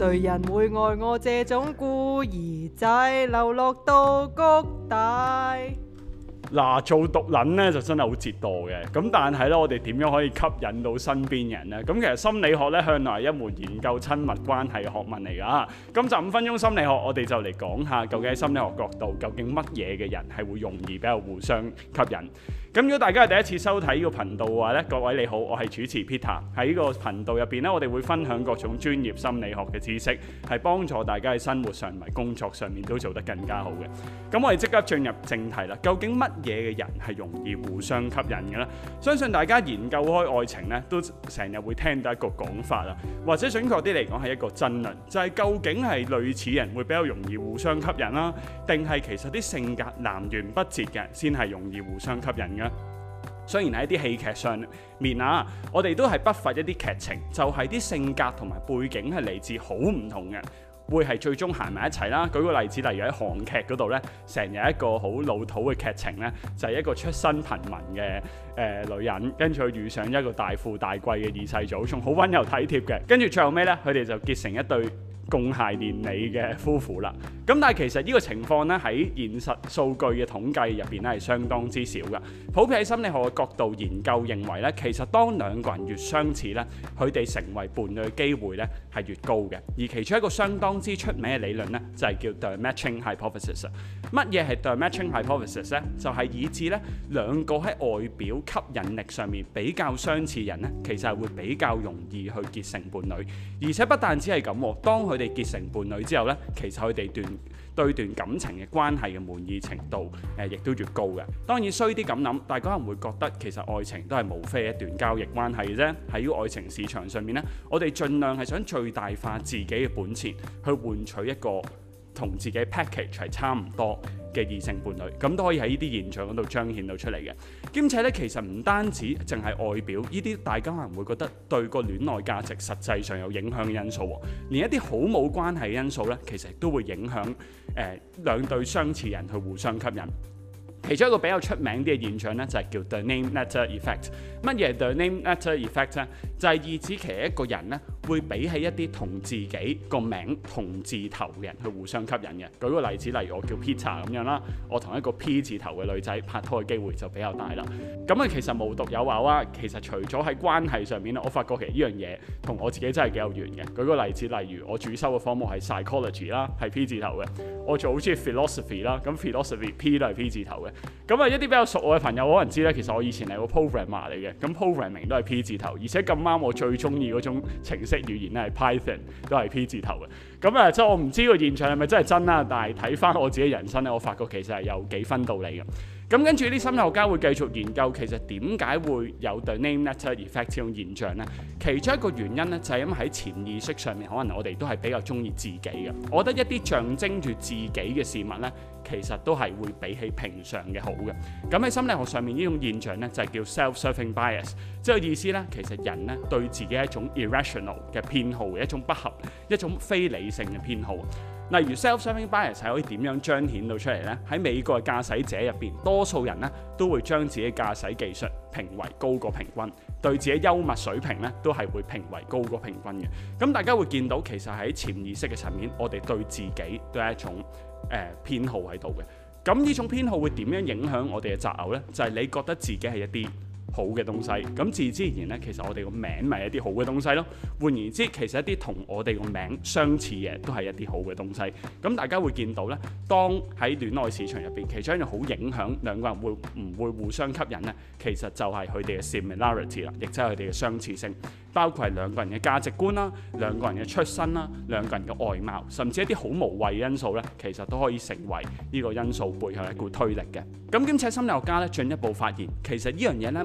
誰人會愛我這種孤兒仔，流落到谷底？嗱，做毒撚呢就真係好折墮嘅。咁但係呢，我哋點樣可以吸引到身邊人呢？咁其實心理學呢向來係一門研究親密關係嘅學問嚟噶。咁就五分鐘心理學，我哋就嚟講下，究竟喺心理學角度，究竟乜嘢嘅人係會容易比較互相吸引？咁如果大家係第一次收睇呢個頻道嘅話咧，各位你好，我係主持 Peter。喺呢個頻道入邊咧，我哋會分享各種專業心理學嘅知識，係幫助大家喺生活上同埋工作上面都做得更加好嘅。咁我哋即刻進入正題啦。究竟乜嘢嘅人係容易互相吸引嘅呢？相信大家研究開愛情呢，都成日會聽到一個講法啊，或者準確啲嚟講係一個爭論，就係、是、究竟係類似人會比較容易互相吸引啦，定係其實啲性格南轅北轍嘅先係容易互相吸引的？啊！雖然喺一啲戲劇上面啊，我哋都係不乏一啲劇情，就係、是、啲性格同埋背景係嚟自好唔同嘅，會係最終行埋一齊啦。舉個例子，例如喺韓劇嗰度咧，成日一個好老土嘅劇情咧，就係、是、一個出身貧民嘅誒、呃、女人，跟住佢遇上一個大富大貴嘅二世祖，仲好溫柔體貼嘅，跟住最後尾咧，佢哋就結成一對。共諧連理嘅夫婦啦，咁但係其實呢個情況咧，喺現實數據嘅統計入邊咧係相當之少嘅。普遍喺心理學嘅角度研究認為咧，其實當兩個人越相似咧，佢哋成為伴侶嘅機會咧係越高嘅。而其中一個相當之出名嘅理論咧就係叫 The Matching Hypothesis。乜嘢係 The Matching Hypothesis 咧？就係以致咧兩個喺外表吸引力上面比較相似人咧，其實係會比較容易去結成伴侶。而且不但只係咁，當佢你哋結成伴侶之後呢，其實佢哋段對段感情嘅關係嘅滿意程度，誒、呃，亦都越高嘅。當然衰啲咁諗，大家可能會覺得其實愛情都係無非一段交易關係啫。喺愛情市場上面呢，我哋盡量係想最大化自己嘅本錢，去換取一個同自己 package 係差唔多，嘅異性伴侶咁都可以喺呢啲現象嗰度彰顯到出嚟嘅，兼且咧其實唔單止淨係外表，呢啲大家可能會覺得對個戀愛價值實際上有影響嘅因素，連一啲好冇關係嘅因素咧，其實都會影響、呃、兩對相似人去互相吸引。其中一個比較出名啲嘅現象咧，就係、是、叫 The Name Letter Effect。乜嘢 The Name Letter Effect 咧？就係二指其一個人咧。會比起一啲同自己個名同字頭嘅人去互相吸引嘅。舉個例子，例如我叫 Peter 咁樣啦，我同一個 P 字頭嘅女仔拍拖嘅機會就比較大啦。咁啊，其實無獨有偶啊，其實除咗喺關係上面，我發覺其實呢樣嘢同我自己真係幾有緣嘅。舉個例子，例如我主修嘅科目係 Psychology 啦，係 P 字頭嘅。我仲好中意 Philosophy 啦，咁 Philosophy P 都係 P 字頭嘅。咁啊，一啲比較熟我嘅朋友可能知咧，其實我以前係個 programmer 嚟嘅，咁 programming 都係 P 字頭，而且咁啱我最中意嗰種程式語言咧係 Python，都係 P 字頭嘅。咁啊，即係我唔知個現場係咪真係真啦，但係睇翻我自己人生咧，我發覺其實係有幾分道理嘅。咁跟住啲心理學家會繼續研究，其實點解會有對 name letter effect 呢種現象呢？其中一個原因呢，就係因為喺潛意識上面，可能我哋都係比較中意自己嘅。我覺得一啲象徵住自己嘅事物呢，其實都係會比起平常嘅好嘅。咁喺心理學上面，呢種現象呢，就係叫 self-serving bias，即係意思呢，其實人呢，對自己一種 irrational 嘅偏好，一種不合、一種非理性嘅偏好。例如 self-serving bias 係可以點樣彰顯到出嚟呢？喺美國嘅駕駛者入邊，多數人咧都會將自己嘅駕駛技術評為高過平均，對自己幽默水平咧都係會評為高過平均嘅。咁大家會見到其實喺潛意識嘅層面，我哋對自己都係一種誒、呃、偏好喺度嘅。咁呢種偏好會點樣影響我哋嘅擇偶呢？就係、是、你覺得自己係一啲。好嘅東西，咁自然而然呢，其實我哋個名咪一啲好嘅東西咯。換言之，其實一啲同我哋個名相似嘅都係一啲好嘅東西。咁大家會見到呢，當喺戀愛市場入邊，其中一樣好影響兩個人會唔會互相吸引呢？其實就係佢哋嘅 similarity 啦，亦即係佢哋嘅相似性，包括係兩個人嘅價值觀啦、兩個人嘅出身啦、兩個人嘅外貌，甚至一啲好無謂嘅因素呢，其實都可以成為呢個因素背後一股推力嘅。咁兼且心理學家呢，進一步發現，其實呢樣嘢呢，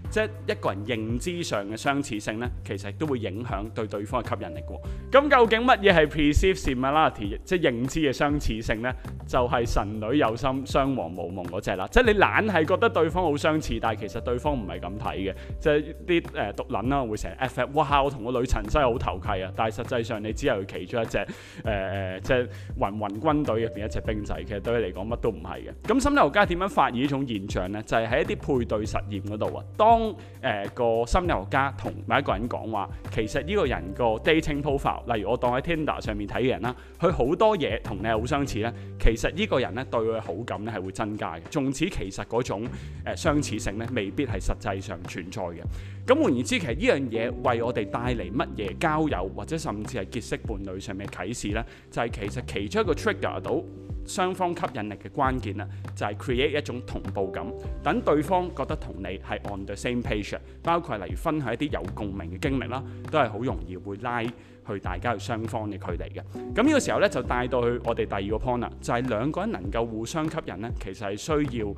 即係一個人認知上嘅相似性咧，其實都會影響對對方嘅吸引力嘅。哦。咁究竟乜嘢係 perceived similarity，即係認知嘅相似性咧？就係、是、神女有心，雙王無夢嗰隻啦。即係你懶係覺得對方好相似，但係其實對方唔係咁睇嘅。即係啲誒毒撚啦，呃、會成日：「FF 哇！我同個女神真係好投契啊，但係實際上你只係其中一隻誒、呃、即係芸芸軍隊入邊一隻兵仔，其實對佢嚟講乜都唔係嘅。咁心理學家點樣發現呢種現象咧？就係、是、喺一啲配對實驗嗰度啊，當誒、呃，個心理學家同某一個人講話，其實呢個人個 dating profile，例如我當喺 Tinder 上面睇嘅人啦，佢好多嘢同你係好相似咧。其實呢個人咧，對佢好感咧，係會增加嘅。縱使其實嗰種誒、呃、相似性咧未必係實際上存在嘅。咁換言之，其實呢樣嘢為我哋帶嚟乜嘢交友或者甚至係結識伴侶上面嘅啟示咧，就係、是、其實其中一個 trigger 到。雙方吸引力嘅關鍵啦，就係 create 一種同步感，等對方覺得同你係 on the same page，包括例如分享一啲有共鳴嘅經歷啦，都係好容易會拉。去大家去雙方嘅距離嘅，咁呢個時候咧就帶到去我哋第二個 point 啦，就係兩個人能夠互相吸引咧，其實係需要誒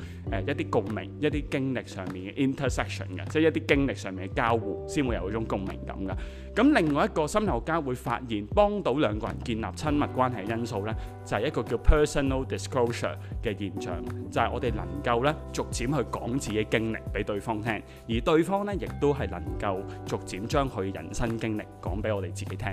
一啲共鳴、一啲經歷上面嘅 intersection 嘅，即係一啲經歷上面嘅交互，先會有嗰種共鳴感嘅。咁另外一個心理學家會發現，幫到兩個人建立親密關係嘅因素咧，就係一個叫 personal disclosure 嘅現象，就係我哋能夠咧逐漸去講自己經歷俾對方聽，而對方咧亦都係能夠逐漸將佢人生經歷講俾我哋自己聽。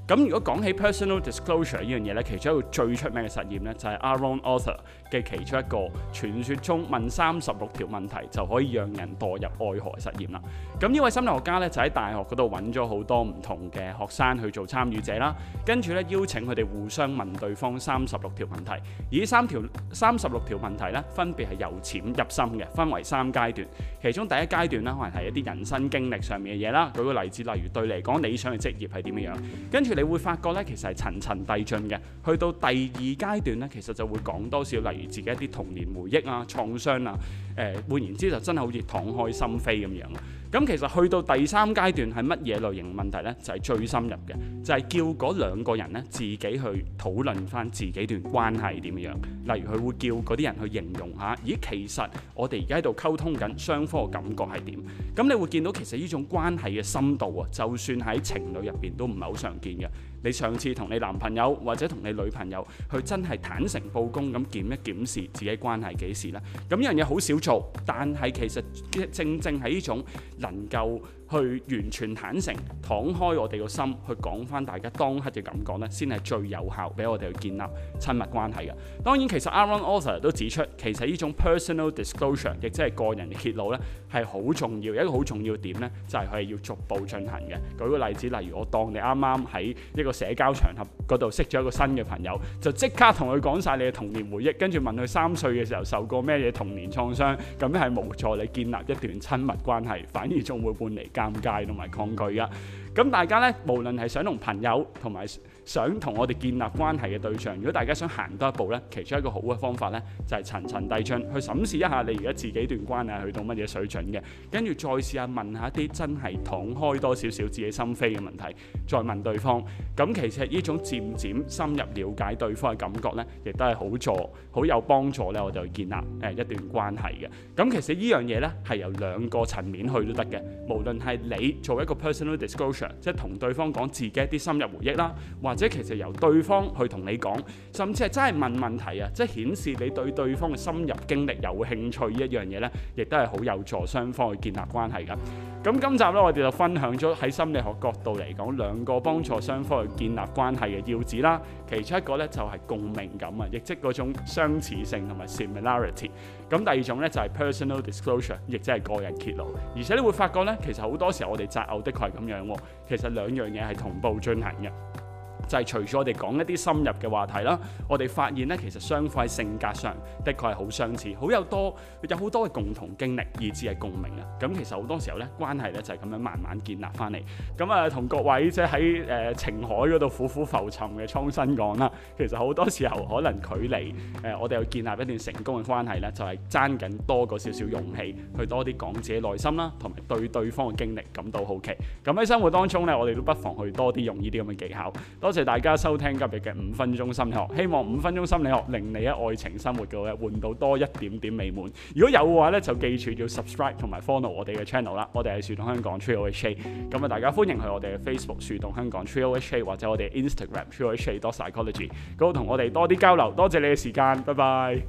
咁如果講起 personal disclosure 事呢樣嘢呢其中一個最出名嘅實驗呢，就係、是、Aaron Arthur 嘅其中一個傳説中問三十六條問題就可以讓人墮入愛河的實驗啦。咁呢位心理學家呢，就喺大學嗰度揾咗好多唔同嘅學生去做參與者啦，跟住呢，邀請佢哋互相問對方三十六條問題，而呢三條三十六條問題呢，分別係由淺入深嘅，分為三階段。其中第一階段呢，可能係一啲人生經歷上面嘅嘢啦，舉個例子例如對你嚟講理想嘅職業係點樣樣，跟你會發覺咧，其實係層層遞進嘅。去到第二階段咧，其實就會講多少，例如自己一啲童年回憶啊、創傷啊。誒、呃，換言之就真係好似敞開心扉咁樣。咁，其實去到第三階段係乜嘢類型問題呢？就係最深入嘅，就係叫嗰兩個人呢自己去討論翻自己段關係點樣。例如佢會叫嗰啲人去形容下，咦，其實我哋而家喺度溝通緊雙方嘅感覺係點？咁你會見到其實呢種關係嘅深度啊，就算喺情侶入邊都唔係好常見嘅。你上次同你男朋友或者同你女朋友，去真係坦誠布公咁檢一檢視自己關係幾時啦？咁樣嘢好少做，但係其實正正係呢種能夠。去完全坦誠，敞開我哋個心，去講翻大家當刻嘅感覺咧，先係最有效俾我哋去建立親密關係嘅。當然，其實 Aaron Oster 都指出，其實呢種 personal disclosure，亦即係個人嘅揭露咧，係好重要一個好重要點咧，就係佢係要逐步進行嘅。舉個例子，例如我當你啱啱喺一個社交場合嗰度識咗一個新嘅朋友，就即刻同佢講晒你嘅童年回憶，跟住問佢三歲嘅時候受過咩嘢童年創傷，咁樣係無助你建立一段親密關係，反而仲會換嚟加。尷尬同埋抗拒嘅，咁大家咧，無論係想同朋友同埋。想同我哋建立關係嘅對象，如果大家想行多一步咧，其中一個好嘅方法咧，就係層層遞進去審視一下你而家自己段關係去到乜嘢水準嘅，跟住再試下問下一啲真係敞開多少少、自己心扉嘅問題，再問對方。咁其實依種漸漸深入瞭解對方嘅感覺咧，亦都係好助、好有幫助咧，我哋去建立誒一段關係嘅。咁其實依樣嘢咧係由兩個層面去都得嘅，無論係你做一個 personal disclosure，即係同對方講自己一啲深入回憶啦，或或者其實由對方去同你講，甚至係真係問問題啊，即係顯示你對對方嘅深入經歷有興趣，這一呢一樣嘢咧，亦都係好有助雙方去建立關係噶。咁今集咧，我哋就分享咗喺心理學角度嚟講兩個幫助雙方去建立關係嘅要旨啦。其中一個咧就係、是、共鳴感啊，亦即係嗰種相似性同埋 similarity。咁第二種咧就係、是、personal disclosure，亦即係個人揭露。而且你會發覺咧，其實好多時候我哋擇偶的確係咁樣喎、啊。其實兩樣嘢係同步進行嘅。就係除咗我哋講一啲深入嘅話題啦，我哋發現咧，其實雙方性格上的確係好相似，好有多有好多嘅共同經歷以至係共鳴啊！咁其實好多時候咧，關係咧就係咁樣慢慢建立翻嚟。咁啊、呃，同各位即係喺誒情海嗰度苦苦浮沉嘅蒼生講啦，其實好多時候可能距離誒、呃，我哋要建立一段成功嘅關係咧，就係爭緊多過少少勇氣去多啲講自己內心啦，同埋對對方嘅經歷感到好奇。咁喺生活當中咧，我哋都不妨去多啲用呢啲咁嘅技巧。多謝。謝謝大家收聽今日嘅五分鐘心理學，希望五分鐘心理學令你喺愛情生活嘅咧，換到多一點點美滿。如果有嘅話咧，就記住要 subscribe 同埋 follow 我哋嘅 channel 啦。我哋係樹洞香港 Treeholehk，咁啊，大家歡迎去我哋嘅 Facebook 樹洞香港 Treeholehk，或者我哋 Instagram Treeholehk 多 psychology，咁同我哋多啲交流。多謝你嘅時間，拜拜。